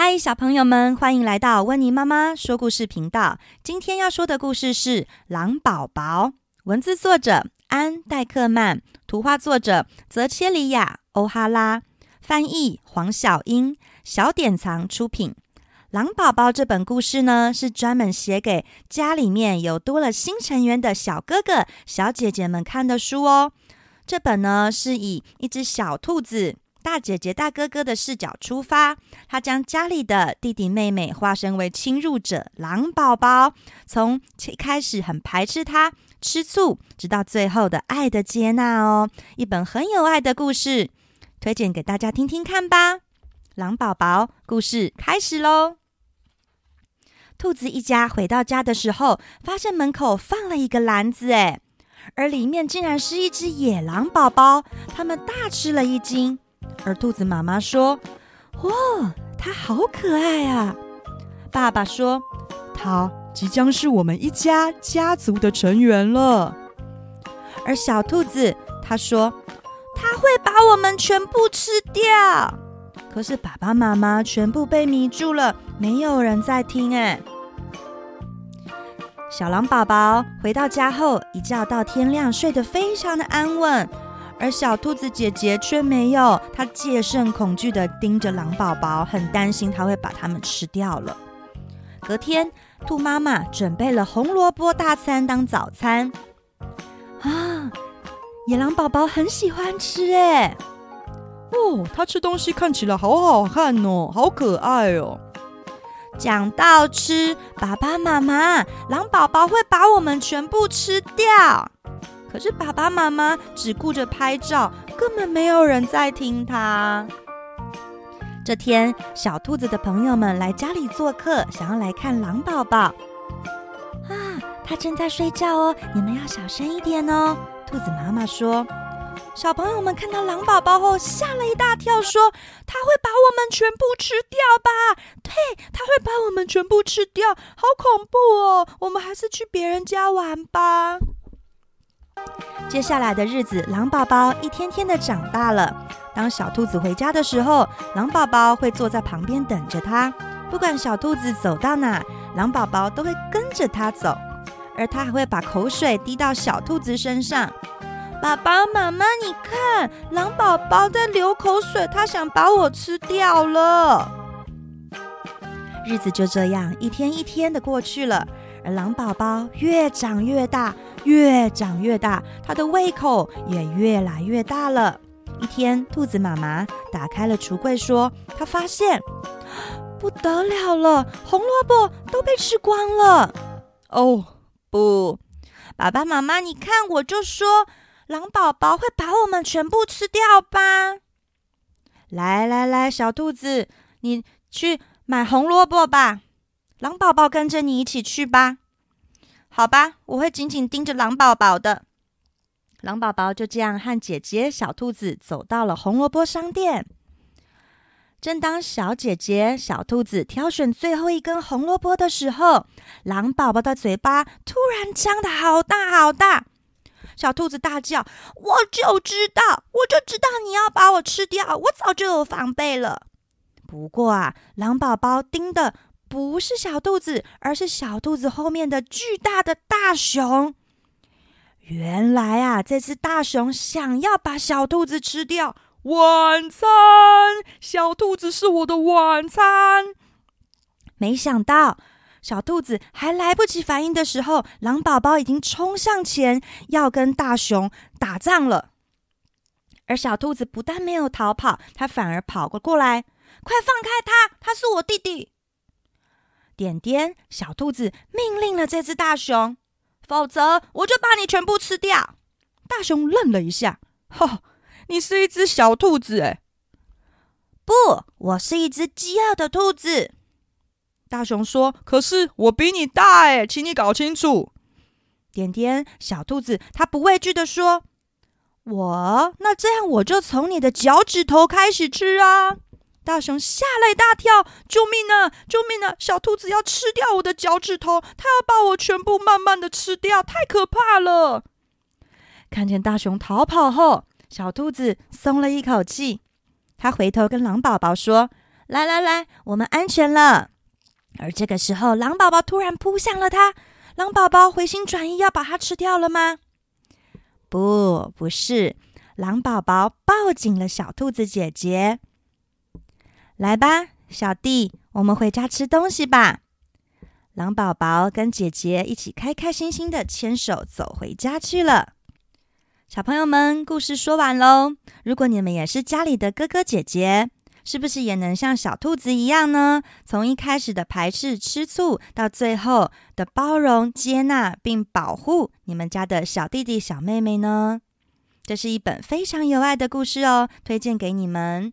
嗨，小朋友們，歡迎來到溫妮媽媽說故事頻道。今天要說的故事是《狼寶寶》，文字作者安·黛克蔓，圖畫作者澤切里亞·歐哈拉，翻譯黃筱茵，小典藏出品。《狼寶寶》這本故事呢，是專門寫給家裡面有多了新成員的小哥哥、小姐姐們看的書哦。這本呢是以一隻小兔子。大姐姐、大哥哥的視角出發，他將家裡的弟弟妹妹化身為侵入者——狼寶寶，從一開始很排斥他、吃醋，直到最後的愛的接納哦。一本很有愛的故事，推薦給大家聽聽看吧。狼寶寶故事開始嘍！兔子一家回到家的時候，發現門口放了一個籃子，誒，而裡面竟然是一隻野狼寶寶，他們大吃了一驚。而兔子媽媽說：“哇，它好可愛啊！”爸爸說：“它即將是我們一家家族的成員了。”而小兔子它說：“它會把我們全部吃掉。”可是爸爸媽媽全部被迷住了，沒有人在聽。哎，小狼寶寶回到家後，一覺到天亮，睡得非常的安穩。而小兔子姐姐卻沒有，她戒慎恐懼地盯着狼寶寶，很擔心它會把他們吃掉了。隔天，兔媽媽準備了紅蘿蔔大餐當早餐，啊，野狼寶寶很喜歡吃，耶，哦，它吃東西看起來好好看哦，好可愛哦。講到吃，爸爸媽媽，狼寶寶會把我們全部吃掉。可是爸爸媽媽只顧着拍照，根本沒有人在聽他。這天，小兔子的朋友們來家裡做客，想要來看狼寶寶。啊，它正在睡覺哦，你們要小聲一點哦。兔子媽媽說：“小朋友們看到狼寶寶後，嚇了一大跳說，說它會把我們全部吃掉吧？對，它會把我們全部吃掉，好恐怖哦！我們還是去別人家玩吧。”接下來的日子，狼寶寶一天天的長大了。當小兔子回家的時候，狼寶寶會坐在旁邊等着它。不管小兔子走到哪，狼寶寶都會跟着它走，而它還會把口水滴到小兔子身上。爸爸媽媽，你看，狼寶寶在流口水，它想把我吃掉了。日子就這樣一天一天的過去了。狼寶寶越長越大，越長越大，它的胃口也越來越大了。一天，兔子媽媽打開了櫥櫃，說，她發現：“不得了了，紅蘿蔔都被吃光了。”“哦，不，爸爸媽媽，你看，我就說狼寶寶會把我們全部吃掉吧。”“來來來，小兔子，你去買紅蘿蔔吧。”狼寶寶跟着你一起去吧，好吧，我會緊緊盯着狼寶寶的。狼寶寶就這樣和姐姐小兔子走到了紅蘿蔔商店。正當小姐姐小兔子挑選最後一根紅蘿蔔的時候，狼寶寶的嘴巴突然張得好大好大，小兔子大叫：“我就知道，我就知道你要把我吃掉，我早就有防備了。”不過啊，狼寶寶盯得，不是小兔子，而是小兔子後面的巨大的大熊。原來啊，這隻大熊想要把小兔子吃掉。晚餐！小兔子是我的晚餐。沒想到，小兔子還來不及反應的時候，狼寶寶已經衝向前要跟大熊打仗了。而小兔子不但沒有逃跑，它反而跑過過來，快放開他，他是我弟弟。點點小兔子命令了這隻大熊：“否則我就把你全部吃掉。”大熊愣了一下：“哈，你是一隻小兔子哎？不，我是一隻飢餓的兔子。”大熊說：“可是我比你大哎，請你搞清楚。”點點小兔子他不畏懼的說：“我，那這樣我就從你的腳趾頭開始吃啊。”大熊嚇了一大跳，救命啊！救命啊！小兔子要吃掉我的腳趾頭，它要把我全部慢慢的吃掉，太可怕了！看見大熊逃跑後，小兔子鬆了一口氣，它回頭跟狼寶寶說：“來來來，我們安全了。”而這個時候，狼寶寶突然撲向了它，狼寶寶回心轉意要把它吃掉了嗎？不，不是，狼寶寶抱緊了小兔子姐姐。來吧，小弟，我們回家吃東西吧。狼寶寶跟姐姐一起開開心心的牽手走回家去了。小朋友們，故事說完嘍。如果你們也是家裡的哥哥姐姐，是不是也能像小兔子一樣呢？從一開始的排斥、吃醋，到最後的包容、接納並保護你們家的小弟弟、小妹妹呢？這是一本非常有愛的故事哦，推薦給你們。